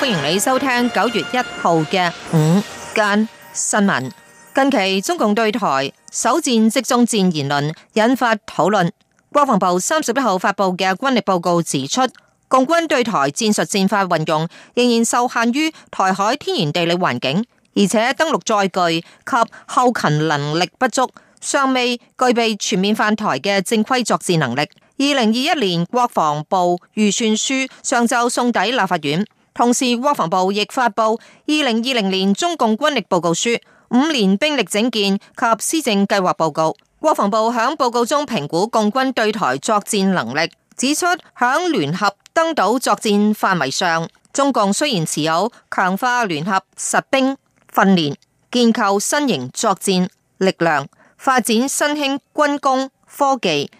歡迎你收聽九月一號嘅午間新聞。近期中共對台首戰即終戰言論引發討論。國防部三十一號發布嘅軍力報告指出，共軍對台戰術戰法運用仍然受限於台海天然地理環境，而且登陸載具及後勤能力不足，尚未具備全面犯台嘅正規作戰能力。二零二一年國防部預算書上晝送抵立法院。同時，國防部亦發布二零二零年中共軍力報告書、五年兵力整建及施政計劃報告。國防部喺報告中評估共軍對台作戰能力，指出響聯合登島作戰範圍上，中共雖然持有強化聯合實兵訓練、建構新型作戰力量、發展新興軍工科技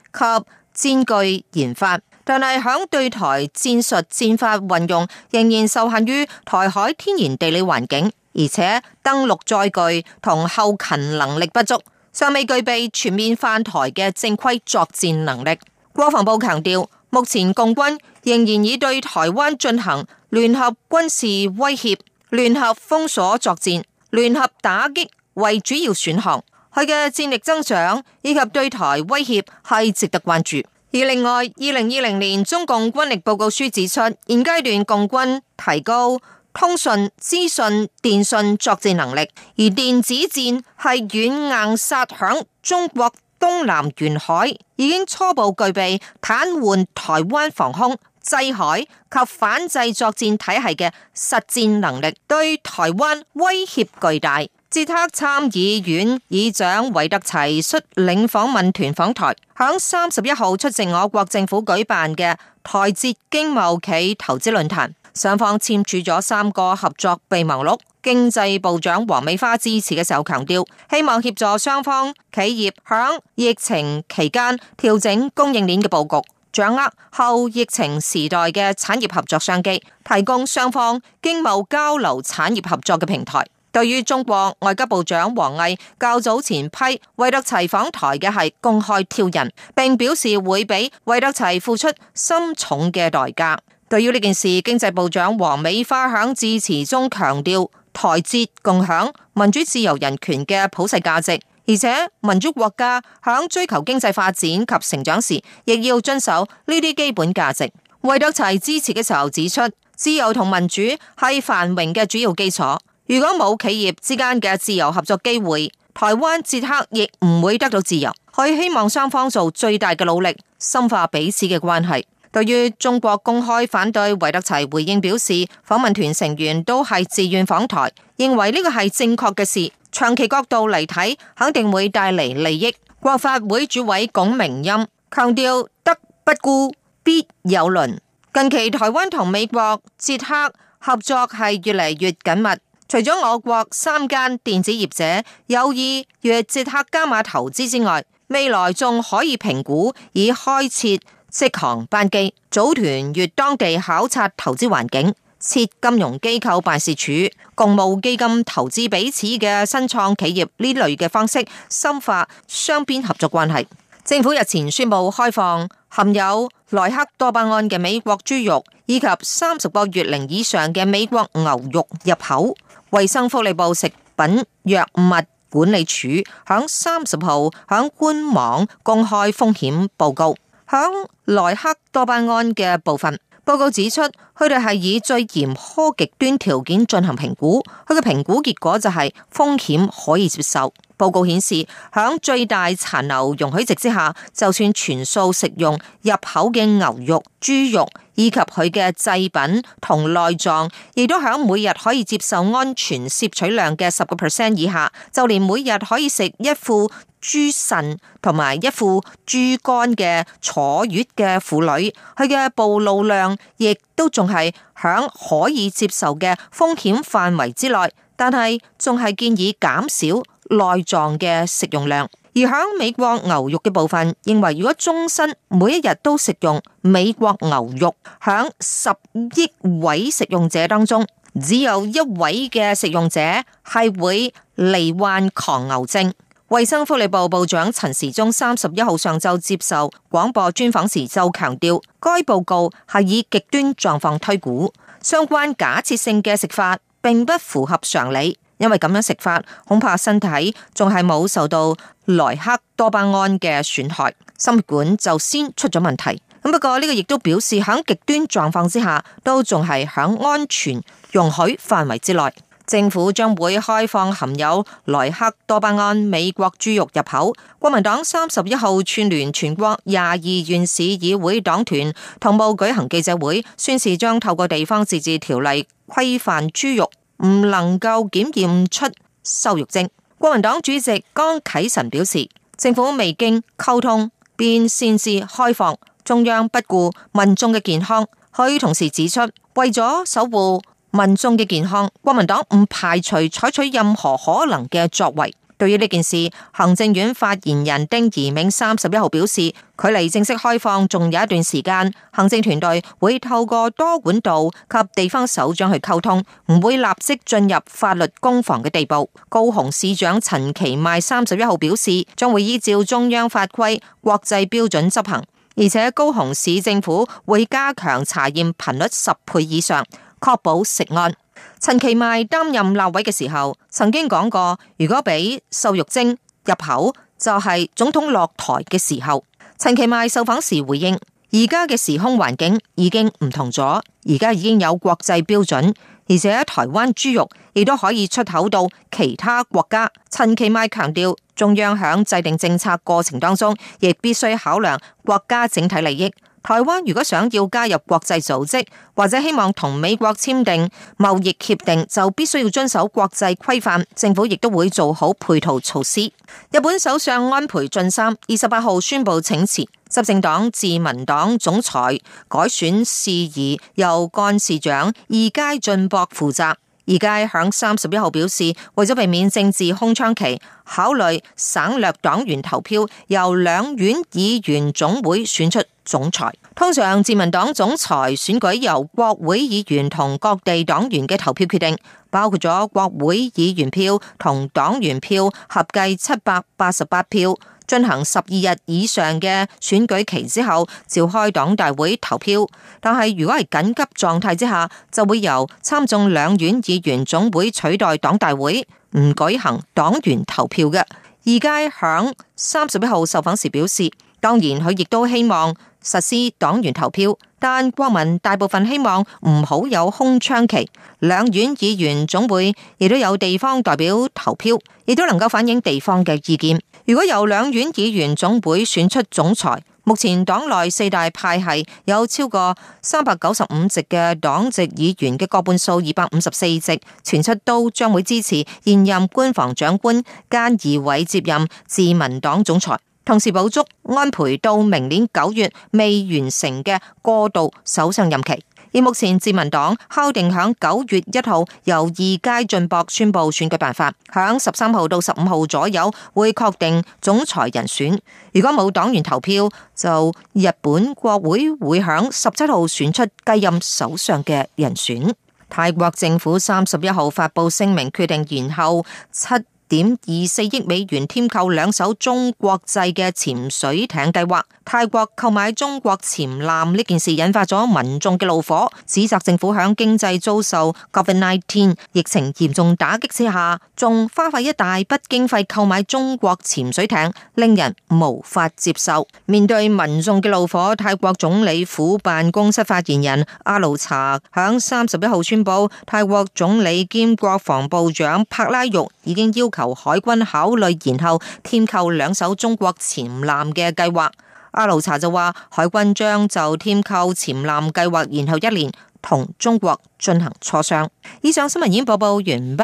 及戰具研發。但係響對台戰術戰法運用仍然受限於台海天然地理環境，而且登陸載具同後勤能力不足，尚未具備全面犯台嘅正規作戰能力。國防部強調，目前共軍仍然以對台灣進行聯合軍事威脅、聯合封鎖作戰、聯合打擊為主要選項，佢嘅戰力增長以及對台威脅係值得關注。而另外，二零二零年中共軍力報告書指出，現階段共軍提高通訊、資訊、電信作戰能力，而電子戰係軟硬殺響中國東南沿海，已經初步具備癱瘓台灣防空、制海及反制作戰體系嘅實戰能力，對台灣威脅巨大。捷克參議院議長維特齊率領訪問團訪台，響三十一號出席我國政府舉辦嘅台捷經貿企投資論壇，雙方簽署咗三個合作備忘錄。經濟部長王美花致辭嘅時候強調，希望協助雙方企業響疫情期間調整供應鏈嘅布局，掌握後疫情時代嘅產業合作商機，提供雙方經貿交流、產業合作嘅平台。對於中國外交部長王毅較早前批惠德齊訪台嘅係公開挑釁，並表示會俾惠德齊付出深重嘅代價。對於呢件事，經濟部長王美花響致辭中強調，台捷共享民主、自由、人權嘅普世價值，而且民族國家響追求經濟發展及成長時，亦要遵守呢啲基本價值。惠德齊致辭嘅時候指出，自由同民主係繁榮嘅主要基礎。如果冇企業之間嘅自由合作機會，台灣捷克，亦唔會得到自由。佢希望雙方做最大嘅努力，深化彼此嘅關係。對於中國公開反對，維特齊回應表示，訪問團成員都係自願訪台，認為呢個係正確嘅事。長期角度嚟睇，肯定會帶嚟利益。國法會主委龔明鑫強調，德不孤必有鄰。近期台灣同美國捷克合作係越嚟越緊密。除咗我國三間電子業者有意越捷克加碼投資之外，未來仲可以評估以開設直航班機、組團越當地考察投資環境、設金融機構辦事處、共募基金投資彼此嘅新創企業呢類嘅方式，深化雙邊合作關係。政府日前宣布開放含有萊克多巴胺嘅美國豬肉，以及三十個月齡以上嘅美國牛肉入口。衛生福利部食品藥物管理署響三十號響官網公開風險報告，響萊克多巴胺嘅部分報告指出，佢哋係以最嚴苛極端條件進行評估，佢嘅評估結果就係風險可以接受。報告顯示，響最大殘留容許值之下，就算全數食用入口嘅牛肉、豬肉、以及佢嘅製品同內臟，亦都響每日可以接受安全攝取量嘅十個 percent 以下。就連每日可以食一副豬腎同埋一副豬肝嘅坐月嘅婦女，佢嘅暴露量亦都仲係響可以接受嘅風險範圍之內，但係仲係建議減少。內臟嘅食用量，而喺美國牛肉嘅部分，認為如果終身每一日都食用美國牛肉，響十億位食用者當中，只有一位嘅食用者係會罹患狂牛症。衛生福利部部長陳時中三十一號上晝接受廣播專訪時就強調，該報告係以極端狀況推估，相關假設性嘅食法，並不符合常理。因為咁樣食法，恐怕身體仲係冇受到萊克多巴胺嘅損害，心血管就先出咗問題。不過呢個亦都表示喺極端狀況之下，都仲係喺安全容許範圍之內。政府將會開放含有萊克多巴胺美國豬肉入口。國民黨三十一號串聯全國廿二縣市議會黨團同步舉行記者會，宣示將透過地方自治條例規範豬肉。唔能夠檢驗出瘦肉精，國民黨主席江啟臣表示，政府未經溝通便擅自開放，中央不顧民眾嘅健康。佢同時指出，為咗守護民眾嘅健康，國民黨唔排除採取任何可能嘅作為。對於呢件事，行政院發言人丁怡銘三十一號表示，距離正式開放仲有一段時間，行政團隊會透過多管道及地方首長去溝通，唔會立即進入法律攻防嘅地步。高雄市長陳其邁三十一號表示，將會依照中央法規、國際標準執行，而且高雄市政府會加強查驗頻率十倍以上，確保食安。陳其邁擔任立委嘅時候，曾經講過，如果俾瘦肉精入口，就係總統落台嘅時候。陳其邁受訪時回應：而家嘅時空環境已經唔同咗，而家已經有國際標準，而且台灣豬肉亦都可以出口到其他國家。陳其邁強調，中央響制定政策過程當中，亦必須考量國家整體利益。台灣如果想要加入國際組織或者希望同美國簽訂貿易協定，就必須要遵守國際規範。政府亦都會做好配套措施。日本首相安倍晉三二十八號宣布請辭，執政黨自民黨總裁改選事宜由幹事長二階俊博負責。二階響三十一號表示，為咗避免政治空窗期，考慮省略黨員投票，由兩院議員總會選出。總裁，通常自民黨總裁選舉由國會議員同各地黨員嘅投票決定，包括咗國會議員票同黨員票合計七百八十八票。進行十二日以上嘅選舉期之後，召開黨大會投票。但係如果係緊急狀態之下，就會由參眾兩院議員總會取代黨大會，唔舉行黨員投票嘅。二階響三十一號受訪時表示，當然，佢亦都希望實施黨員投票，但國民大部分希望唔好有空窗期。兩院議員總會亦都有地方代表投票，亦都能夠反映地方嘅意見。如果由兩院議員總會選出總裁，目前黨內四大派系有超過三百九十五席嘅黨籍議員嘅過半數二百五十四席，傳出都將會支持現任官房長官菅義偉接任自民黨總裁。同時補足安倍到明年九月未完成嘅過渡首相任期，而目前自民黨敲定響九月一號由二階俊博宣布選舉辦法，響十三號到十五號左右會確定總裁人選。如果冇黨員投票，就日本國會會響十七號選出繼任首相嘅人選。泰國政府三十一號發布聲明，決定延後七。點二四億美元添購兩艘中國製嘅潛水艇計劃，泰國購買中國潛艦呢件事引發咗民眾嘅怒火，指責政府響經濟遭受 COVID-19 疫情嚴重打擊之下，仲花費一大筆經費購買中國潛水艇，令人無法接受。面對民眾嘅怒火，泰國總理府辦公室發言人阿魯查響三十一號宣布，泰國總理兼國防部長帕拉育已經要求。由海軍考慮，然後添購兩艘中國潛艦嘅計劃。阿盧查就話，海軍將就添購潛艦計劃，然後一年同中國進行磋商。以上新聞已經播報完畢。